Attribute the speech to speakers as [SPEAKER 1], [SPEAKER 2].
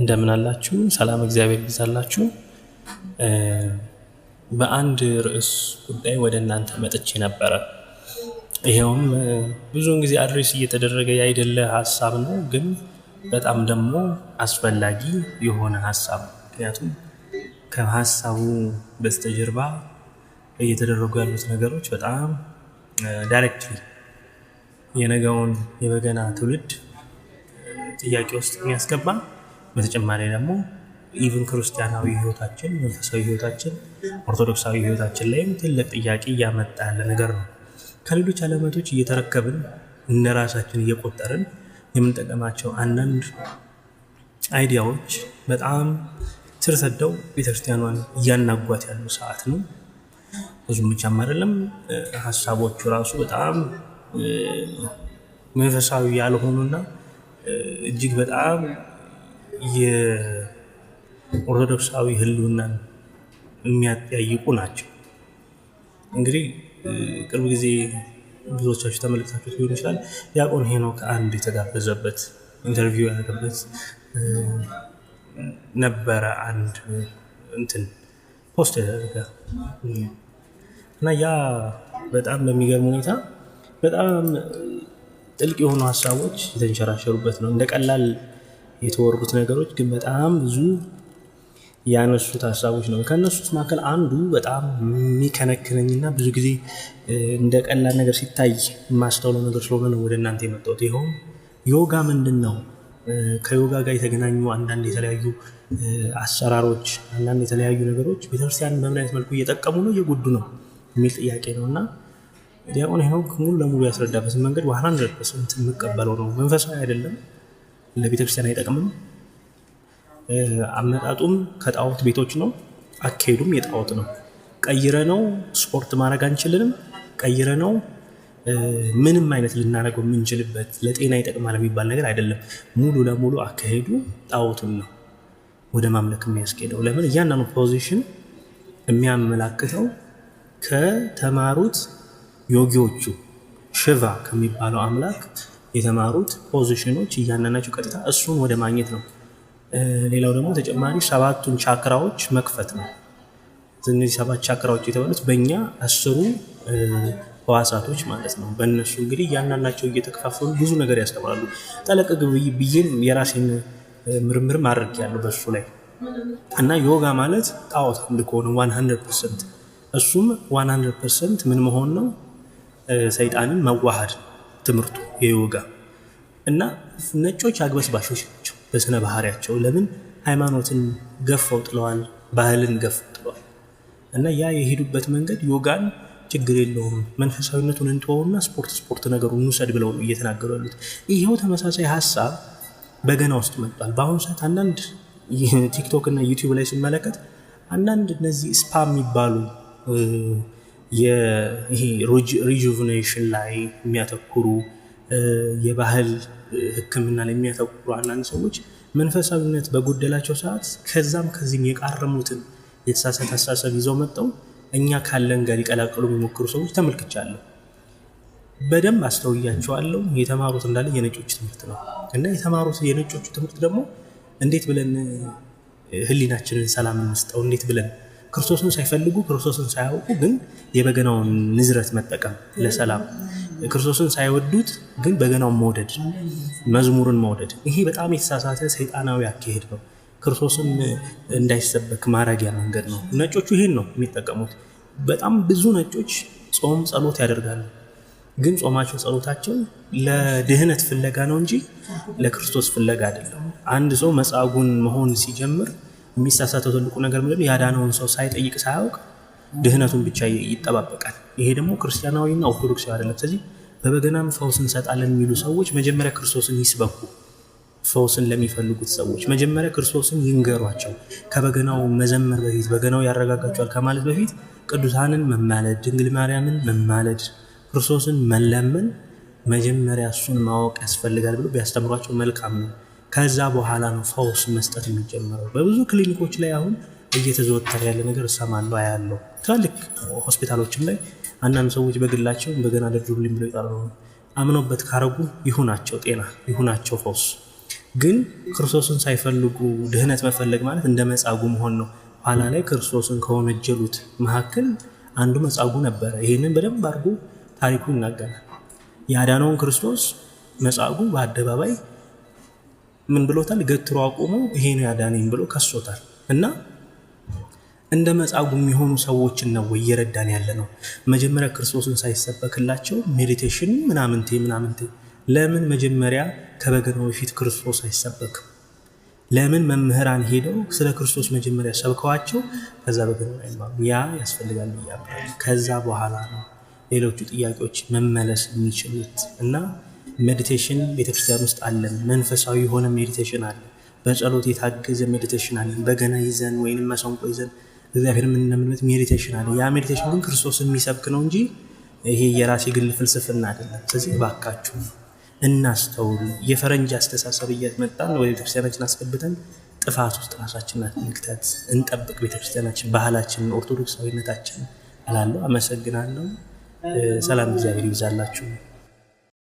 [SPEAKER 1] እንደምን አላችሁ? ሰላም እግዚአብሔር ይብዛላችሁ። በአንድ ርዕስ ጉዳይ ወደ እናንተ መጥቼ ነበረ። ይኸውም ብዙውን ጊዜ አድሬስ እየተደረገ ያይደለ ሀሳብ ነው፣ ግን በጣም ደግሞ አስፈላጊ የሆነ ሀሳብ ነው። ምክንያቱም ከሀሳቡ በስተጀርባ እየተደረጉ ያሉት ነገሮች በጣም ዳይሬክትሊ የነገውን የበገና ትውልድ ጥያቄ ውስጥ የሚያስገባ በተጨማሪ ደግሞ ኢቭን ክርስቲያናዊ ህይወታችን፣ መንፈሳዊ ህይወታችን፣ ኦርቶዶክሳዊ ህይወታችን ላይም ትልቅ ጥያቄ እያመጣ ያለ ነገር ነው። ከሌሎች አለመቶች እየተረከብን እነራሳችን እየቆጠርን የምንጠቀማቸው አንዳንድ አይዲያዎች በጣም ስር ሰደው ቤተክርስቲያኗን እያናጓት ያሉ ሰዓት ነው። ብዙም ብቻም አይደለም ሀሳቦቹ ራሱ በጣም መንፈሳዊ ያልሆኑና እጅግ በጣም የኦርቶዶክሳዊ ህልውናን የሚያጠያይቁ ናቸው። እንግዲህ ቅርብ ጊዜ ብዙዎቻችሁ ተመልክታችሁ ሊሆን ይችላል። ዲያቆን ሄኖክ አንድ የተጋበዘበት ኢንተርቪው ያደረገበት ነበረ አንድ እንትን ፖስት ያደረገ እና ያ በጣም በሚገርም ሁኔታ በጣም ጥልቅ የሆኑ ሀሳቦች የተንሸራሸሩበት ነው እንደ ቀላል የተወሩት ነገሮች ግን በጣም ብዙ ያነሱት ሀሳቦች ነው። ከነሱት መካከል አንዱ በጣም የሚከነክነኝና ብዙ ጊዜ እንደ ቀላል ነገር ሲታይ የማስተውለው ነገር ስለሆነ ነው ወደ እናንተ የመጣሁት። ይኸውም ዮጋ ምንድን ነው? ከዮጋ ጋር የተገናኙ አንዳንድ የተለያዩ አሰራሮች፣ አንዳንድ የተለያዩ ነገሮች ቤተክርስቲያን በምን አይነት መልኩ እየጠቀሙ ነው እየጎዱ ነው የሚል ጥያቄ ነው እና ዲያቆን ሄኖክ ሙሉ ለሙሉ ያስረዳበትን መንገድ በ100 የምቀበለው ነው። መንፈሳዊ አይደለም ለቤተክርስቲያን አይጠቅምም። አመጣጡም ከጣዖት ቤቶች ነው። አካሄዱም የጣዖት ነው። ቀይረ ነው ስፖርት ማድረግ አንችልንም። ቀይረ ነው ምንም አይነት ልናደርገው የምንችልበት ለጤና ይጠቅማል የሚባል ነገር አይደለም። ሙሉ ለሙሉ አካሄዱ ጣዖቱን ነው ወደ ማምለክ የሚያስኬደው። ለምን እያንዳንዱ ፖዚሽን የሚያመላክተው ከተማሩት ዮጊዎቹ ሽቫ ከሚባለው አምላክ የተማሩት ፖዚሽኖች እያንዳንዳቸው ቀጥታ እሱን ወደ ማግኘት ነው። ሌላው ደግሞ ተጨማሪ ሰባቱን ቻክራዎች መክፈት ነው። እነዚህ ሰባት ቻክራዎች የተባሉት በእኛ አስሩ ህዋሳቶች ማለት ነው። በእነሱ እንግዲህ እያንዳንዳቸው እየተከፋፈሉ ብዙ ነገር ያስተምራሉ። ጠለቅ ብዬም የራሴን ምርምርም አድርጌያለሁ በሱ ላይ እና ዮጋ ማለት ጣዖት አምልኮ ነው። 100 ፐርሰንት እሱም 100 ፐርሰንት ምን መሆን ነው? ሰይጣንን መዋሃድ ነው። ትምህርቱ የዮጋ እና ነጮች አግበስባሾች ናቸው በስነ ባህሪያቸው። ለምን ሃይማኖትን ገፈው ጥለዋል፣ ባህልን ገፈው ጥለዋል። እና ያ የሄዱበት መንገድ ዮጋን ችግር የለውም መንፈሳዊነቱን እንተወውና ስፖርት ስፖርት ነገሩ እንውሰድ ብለው ነው እየተናገሩ ያሉት። ይሄው ተመሳሳይ ሀሳብ በገና ውስጥ መጥቷል። በአሁኑ ሰዓት አንዳንድ ቲክቶክ እና ዩቲዩብ ላይ ስመለከት አንዳንድ እነዚህ ስፓ የሚባሉ ይሄ ሪጁቭኔሽን ላይ የሚያተኩሩ የባህል ህክምና ላይ የሚያተኩሩ አንዳንድ ሰዎች መንፈሳዊነት በጎደላቸው ሰዓት ከዛም ከዚህም የቃረሙትን የተሳሳተ አስተሳሰብ ይዘው መጠው እኛ ካለን ጋር ሊቀላቀሉ የሚሞክሩ ሰዎች ተመልክቻለሁ። በደንብ አስተውያቸዋለሁ። የተማሩት እንዳለ የነጮች ትምህርት ነው እና የተማሩት የነጮቹ ትምህርት ደግሞ እንዴት ብለን ህሊናችንን ሰላም እንስጠው እንዴት ብለን ክርስቶስን ሳይፈልጉ ክርስቶስን ሳያውቁ ግን የበገናውን ንዝረት መጠቀም ለሰላም፣ ክርስቶስን ሳይወዱት ግን በገናውን መውደድ፣ መዝሙርን መውደድ፣ ይሄ በጣም የተሳሳተ ሰይጣናዊ አካሄድ ነው። ክርስቶስን እንዳይሰበክ ማረጊያ መንገድ ነው። ነጮቹ ይሄን ነው የሚጠቀሙት። በጣም ብዙ ነጮች ጾም፣ ጸሎት ያደርጋሉ። ግን ጾማቸው፣ ጸሎታቸው ለድህነት ፍለጋ ነው እንጂ ለክርስቶስ ፍለጋ አይደለም። አንድ ሰው መጻጉን መሆን ሲጀምር የሚሳሳተው ትልቁ ነገር ምንድነው? ያዳነውን ሰው ሳይጠይቅ ሳያውቅ ድህነቱን ብቻ ይጠባበቃል። ይሄ ደግሞ ክርስቲያናዊና ኦርቶዶክሳዊ አይደለም። ስለዚህ በበገናም ፈውስ እንሰጣለን የሚሉ ሰዎች መጀመሪያ ክርስቶስን ይስበኩ። ፈውስን ለሚፈልጉት ሰዎች መጀመሪያ ክርስቶስን ይንገሯቸው። ከበገናው መዘመር በፊት በገናው ያረጋጋቸዋል ከማለት በፊት ቅዱሳንን መማለድ፣ ድንግል ማርያምን መማለድ፣ ክርስቶስን መለመን መጀመሪያ እሱን ማወቅ ያስፈልጋል ብሎ ቢያስተምሯቸው መልካም ነው። ከዛ በኋላ ነው ፈውስ መስጠት የሚጀምረው። በብዙ ክሊኒኮች ላይ አሁን እየተዘወተረ ያለ ነገር እሰማለሁ አያለሁ። ትላልቅ ሆስፒታሎችም ላይ አንዳንድ ሰዎች በግላቸው በገና ደርድሩልኝ ብለው ይጠራሉ። አምኖበት ካረጉ ይሁናቸው፣ ጤና ይሁናቸው ፈውስ። ግን ክርስቶስን ሳይፈልጉ ድህነት መፈለግ ማለት እንደ መጻጉ መሆን ነው። ኋላ ላይ ክርስቶስን ከወነጀሉት መካከል አንዱ መጻጉ ነበረ። ይህንን በደንብ አድርጎ ታሪኩ ይናገራል። ያዳነውን ክርስቶስ መጻጉ በአደባባይ ምን ብሎታል? ገትሮ አቁሞ ይሄ ነው ያዳነኝ ብሎ ከሶታል። እና እንደ መጻጉዕ የሚሆኑ ሰዎችን ነው ወይ እየረዳን ያለ ነው? መጀመሪያ ክርስቶስን ሳይሰበክላቸው ሜዲቴሽን ምናምንቴ ምናምንቴ ለምን መጀመሪያ ከበገናው በፊት ክርስቶስ አይሰበክም? ለምን መምህራን ሄደው ስለ ክርስቶስ መጀመሪያ ሰብከዋቸው ከዛ በገናው አይማሩ? ያ ያስፈልጋል ብያለሁ። ከዛ በኋላ ነው ሌሎቹ ጥያቄዎች መመለስ የሚችሉት እና ሜዲቴሽን ቤተክርስቲያን ውስጥ አለን። መንፈሳዊ የሆነ ሜዲቴሽን አለ። በጸሎት የታገዘ ሜዲቴሽን አለን። በገና ይዘን ወይም መሰንቆ ይዘን እግዚአብሔር የምንለምንበት ሜዲቴሽን አለ። ያ ሜዲቴሽን ግን ክርስቶስ የሚሰብክ ነው እንጂ ይሄ የራሴ ግል ፍልስፍና አይደለም። ስለዚህ እባካችሁ እናስተውሉ። የፈረንጅ አስተሳሰብ እያመጣን ወደ ቤተክርስቲያናችን አስገብተን ጥፋት ውስጥ ራሳችን አትንክተት። እንጠብቅ ቤተክርስቲያናችን፣ ባህላችንን፣ ኦርቶዶክሳዊነታችን እላለሁ። አመሰግናለሁ። ሰላም፣ እግዚአብሔር ይብዛላችሁ።